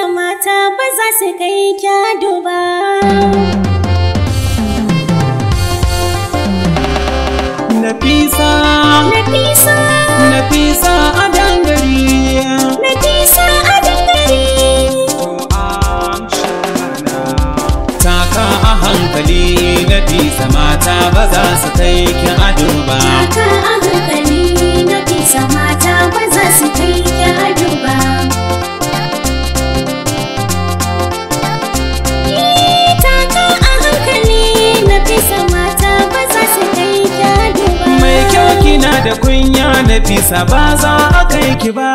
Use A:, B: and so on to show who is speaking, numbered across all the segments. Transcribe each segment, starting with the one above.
A: sa mata ba za su kai kyado ba. Nafisa, Nafisa, Nafisa a dangare. Nafisa a dangare. Taka a hankali, Nafisa mata ba za su kai kyado ba. Taka nafisa ba za a kai ki ba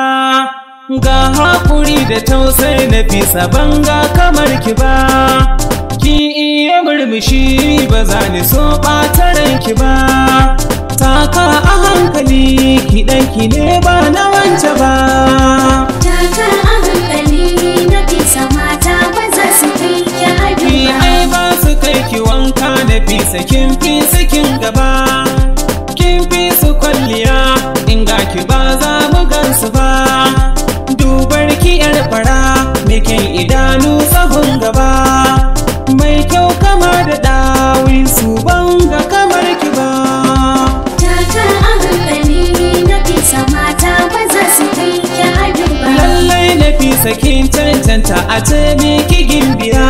A: ga hakuri da tausayi nafisa ban ga kamar ki ba ki iya murmushi ba za ni so ɓata ranki ba taka a hankali ki ɗanki ne ba na wance ba ai kai ki wanka nafisa kin fi kwalliya in ki ba za mu gansu ba dubar ki yar fara me idanu sahun gaba mai kyau kama da ɗawin su banga kamar ki ba tata a hankali na fisa mata ba za su kai ki ba lallai na fisa kin cancanta a ce me ki gimbiya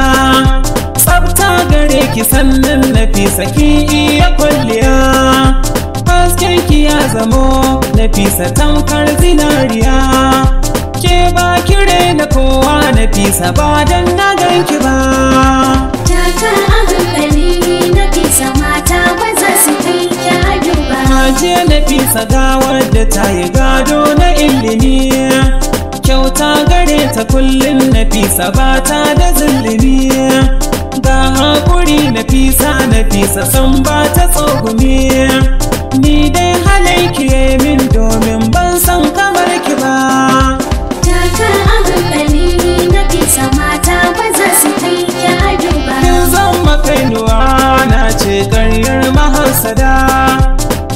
A: tsafta gare ki sannan na fisa kin Na fisa tamkar zinariya Ke ba kire na kowa fisa ba dan na ganki ba Tata a hankali Nafisa mata ba za su fi ki ba ta yi gado na ilimi Kyauta gare ta kullum Nafisa ba ta da zulumi Ga haƙuri Nafisa Nafisa san ba ta tsogumi Ni dai kike min domin ban san kamar ki ba Taka a hankali na bisa mata ba za su kai ki ba Kin zan makainuwa na ce karyar mahasada.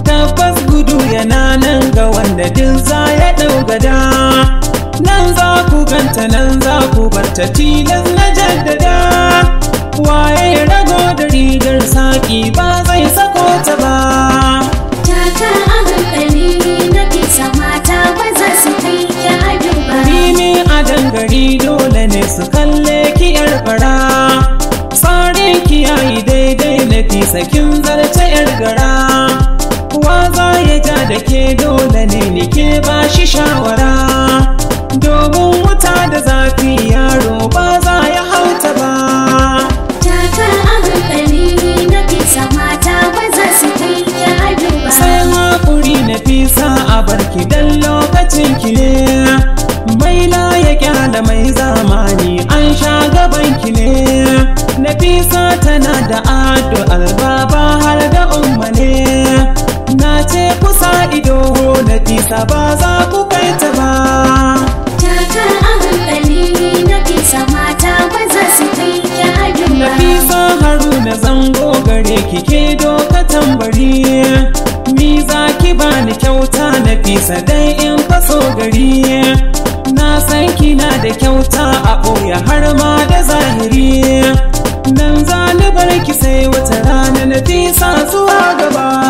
A: Tabbas gudu yana nan ga wanda din za ya ɗaugada Nan za ku ganta nan za ku barta tilas na jaddada Waye rago da rigar saƙi ba zai sa gari dole ne su kalle ki yar fara tsare ki yayi daidai na fisa kin zarce yar gara Kuwa za ya ja da ke dole ne ni ke ba shi shawara domin wuta da zafi yaro ba za ya hauta ba a hankali na fisa mata ba za su ya sai hakuri na fisa a barki dan lokacin ki ne da mai zamani an sha gaban ki ne nafisa tana da ado albaba har da umma ne na ce kusa ido nafisa ba za ku kai ta ba tata a hankali nafisa mata ba za su kai ki ado nafisa haruna zango gare ki ke doka tambari ni za ki bani kyauta nafisa dai in faso gari san kina da kyauta a ɓoye har ma da zahiri dan zalibar ki sai wata rana na fisa zuwa gaba